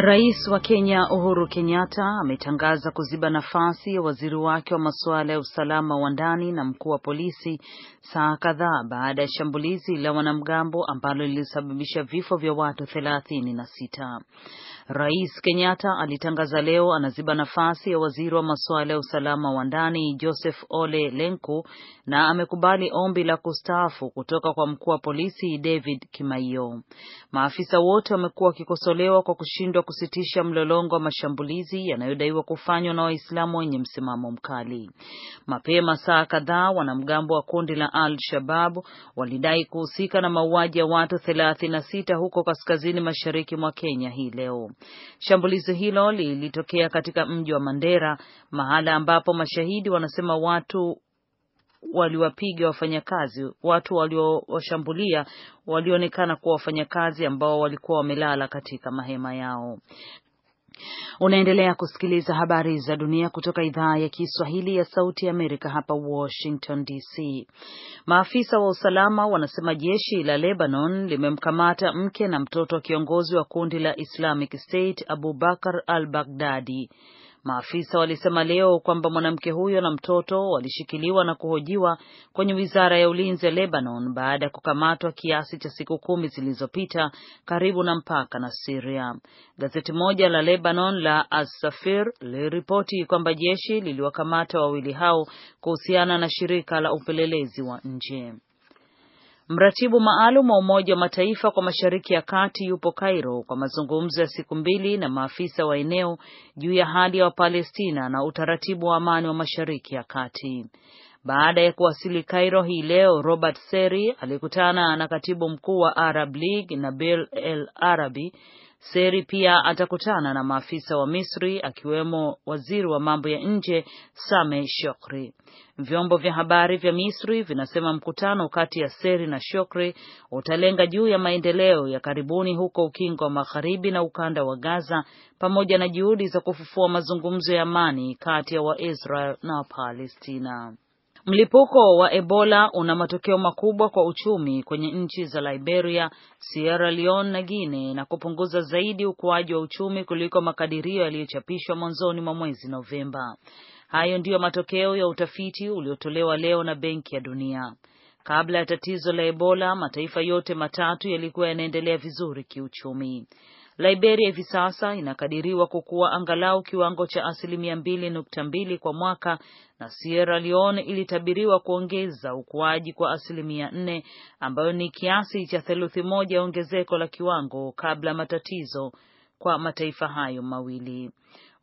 Rais wa Kenya Uhuru Kenyatta ametangaza kuziba nafasi ya waziri wake wa masuala ya usalama wa ndani na mkuu wa polisi saa kadhaa baada ya shambulizi la wanamgambo ambalo lilisababisha vifo vya watu thelathini na sita. Rais Kenyatta alitangaza leo anaziba nafasi ya waziri wa masuala ya usalama wa ndani Joseph Ole Lenku na amekubali ombi la kustaafu kutoka kwa mkuu wa polisi David Kimaiyo. Maafisa wote wamekuwa wakikosolewa kwa kushindwa kusitisha mlolongo wa mashambulizi yanayodaiwa kufanywa na Waislamu wenye msimamo mkali. Mapema saa kadhaa, wanamgambo wa kundi la al Shabab walidai kuhusika na mauaji ya watu 36 huko kaskazini mashariki mwa Kenya hii leo. Shambulizi hilo lilitokea katika mji wa Mandera, mahala ambapo mashahidi wanasema watu waliwapiga wafanyakazi. Watu waliowashambulia walionekana kuwa wafanyakazi ambao walikuwa wamelala katika mahema yao. Unaendelea kusikiliza habari za dunia kutoka idhaa ya Kiswahili ya Sauti ya Amerika hapa Washington DC. Maafisa wa usalama wanasema jeshi la Lebanon limemkamata mke na mtoto wa kiongozi wa kundi la Islamic State Abu Bakar al-Baghdadi. Maafisa walisema leo kwamba mwanamke huyo na mtoto walishikiliwa na kuhojiwa kwenye wizara ya ulinzi ya Lebanon baada ya kukamatwa kiasi cha siku kumi zilizopita karibu na mpaka na siria Gazeti moja la Lebanon la As-Safir liliripoti kwamba jeshi liliwakamata wawili hao kuhusiana na shirika la upelelezi wa nje. Mratibu maalum wa Umoja wa Mataifa kwa Mashariki ya Kati yupo Cairo kwa mazungumzo ya siku mbili na maafisa wa eneo juu ya hali ya Wapalestina na utaratibu wa amani wa Mashariki ya Kati. Baada ya kuwasili Cairo hii leo, Robert Seri alikutana na katibu mkuu wa Arab League Nabil El Arabi. Seri pia atakutana na maafisa wa Misri akiwemo waziri wa mambo ya nje Sameh Shokri. Vyombo vya habari vya Misri vinasema mkutano kati ya Seri na Shokri utalenga juu ya maendeleo ya karibuni huko Ukingo wa Magharibi na ukanda wa Gaza pamoja na juhudi za kufufua mazungumzo ya amani kati ya Waisrael na Wapalestina. Mlipuko wa Ebola una matokeo makubwa kwa uchumi kwenye nchi za Liberia, Sierra Leone na Guinea na kupunguza zaidi ukuaji wa uchumi kuliko makadirio yaliyochapishwa mwanzoni mwa mwezi Novemba. Hayo ndiyo matokeo ya utafiti uliotolewa leo na Benki ya Dunia. Kabla ya tatizo la Ebola, mataifa yote matatu yalikuwa yanaendelea vizuri kiuchumi. Liberia hivi sasa inakadiriwa kukuwa angalau kiwango cha asilimia mbili nukta mbili kwa mwaka na Sierra Leone ilitabiriwa kuongeza ukuaji kwa asilimia nne ambayo ni kiasi cha theluthi moja ya ongezeko la kiwango kabla matatizo kwa mataifa hayo mawili.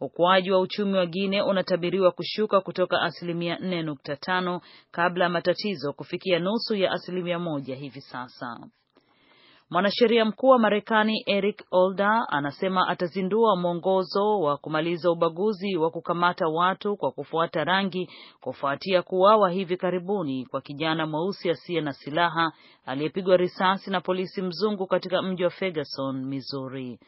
Ukuaji wa uchumi wa Guinea unatabiriwa kushuka kutoka asilimia 4.5 kabla ya matatizo kufikia nusu ya asilimia moja hivi sasa. Mwanasheria mkuu wa Marekani Eric Holder anasema atazindua mwongozo wa kumaliza ubaguzi wa kukamata watu kwa kufuata rangi kufuatia kuuawa hivi karibuni kwa kijana mweusi asiye na silaha aliyepigwa risasi na polisi mzungu katika mji wa Ferguson, Missouri.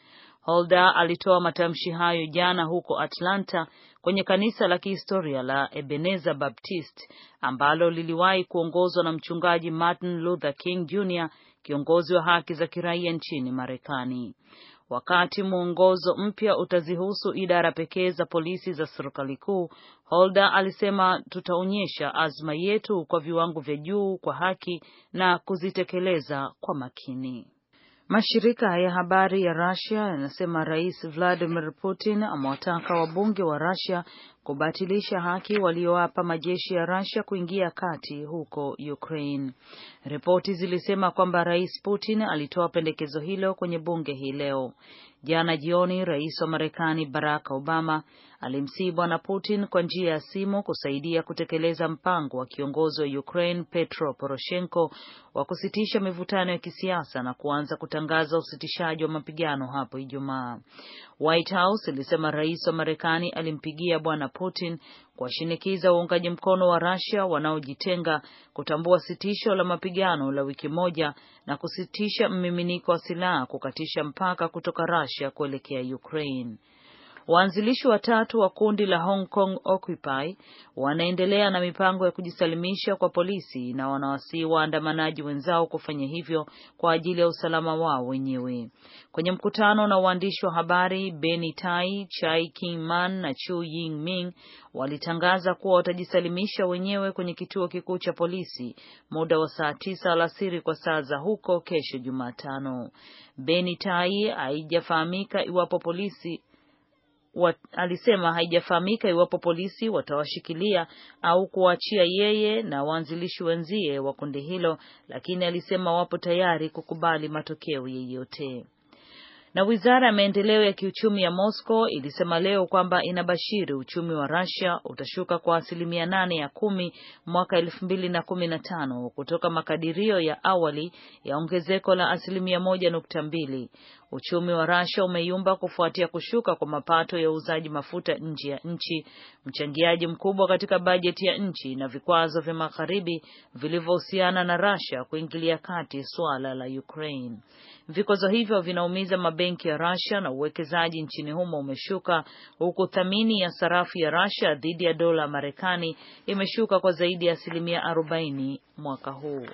Holder alitoa matamshi hayo jana huko Atlanta kwenye kanisa la kihistoria la Ebenezer Baptist ambalo liliwahi kuongozwa na mchungaji Martin Luther King Jr, kiongozi wa haki za kiraia nchini Marekani. Wakati mwongozo mpya utazihusu idara pekee za polisi za serikali kuu, Holder alisema, tutaonyesha azma yetu kwa viwango vya juu kwa haki na kuzitekeleza kwa makini. Mashirika ya habari ya Russia yanasema Rais Vladimir Putin amewataka wabunge wa Russia kubatilisha haki waliowapa majeshi ya Russia kuingia kati huko Ukraine. Ripoti zilisema kwamba Rais Putin alitoa pendekezo hilo kwenye bunge hii leo. Jana jioni, Rais wa Marekani Barack Obama alimsihi Bwana Putin kwa njia ya simu kusaidia kutekeleza mpango wa kiongozi wa Ukraine Petro Poroshenko wa kusitisha mivutano ya kisiasa na kuanza kutangaza usitishaji wa mapigano hapo Ijumaa. White House ilisema rais wa Marekani alimpigia Bwana Putin kuwashinikiza waungaji mkono wa Russia wanaojitenga kutambua sitisho la mapigano la wiki moja na kusitisha mmiminiko wa silaha kukatisha mpaka kutoka Russia kuelekea Ukraine. Waanzilishi watatu wa kundi la Hong Kong Occupy wanaendelea na mipango ya kujisalimisha kwa polisi na wanawasii waandamanaji wenzao kufanya hivyo kwa ajili ya usalama wao wenyewe. Kwenye mkutano na waandishi wa habari, Beni Tai, Chai King Man na Chu Ying Ming walitangaza kuwa watajisalimisha wenyewe kwenye kituo kikuu cha polisi muda wa saa tisa alasiri kwa saa za huko kesho Jumatano. Beni Tai haijafahamika iwapo polisi alisema haijafahamika iwapo polisi watawashikilia au kuwaachia yeye na waanzilishi wenzie wa kundi hilo, lakini alisema wapo tayari kukubali matokeo yeyote. Na wizara ya maendeleo ya kiuchumi ya Moscow ilisema leo kwamba inabashiri uchumi wa Russia utashuka kwa asilimia nane ya kumi mwaka elfu mbili na kumi na tano kutoka makadirio ya awali ya ongezeko la asilimia moja nukta mbili. Uchumi wa Russia umeyumba kufuatia kushuka kwa mapato ya uuzaji mafuta nje ya nchi, mchangiaji mkubwa katika bajeti ya nchi, na vikwazo vya magharibi vilivyohusiana na Russia kuingilia kati suala la Ukraine. Vikwazo hivyo vinaumiza mabenki benki ya Russia na uwekezaji nchini humo umeshuka huku thamini ya sarafu ya Russia dhidi ya dola ya Marekani imeshuka kwa zaidi ya asilimia 40 mwaka huu.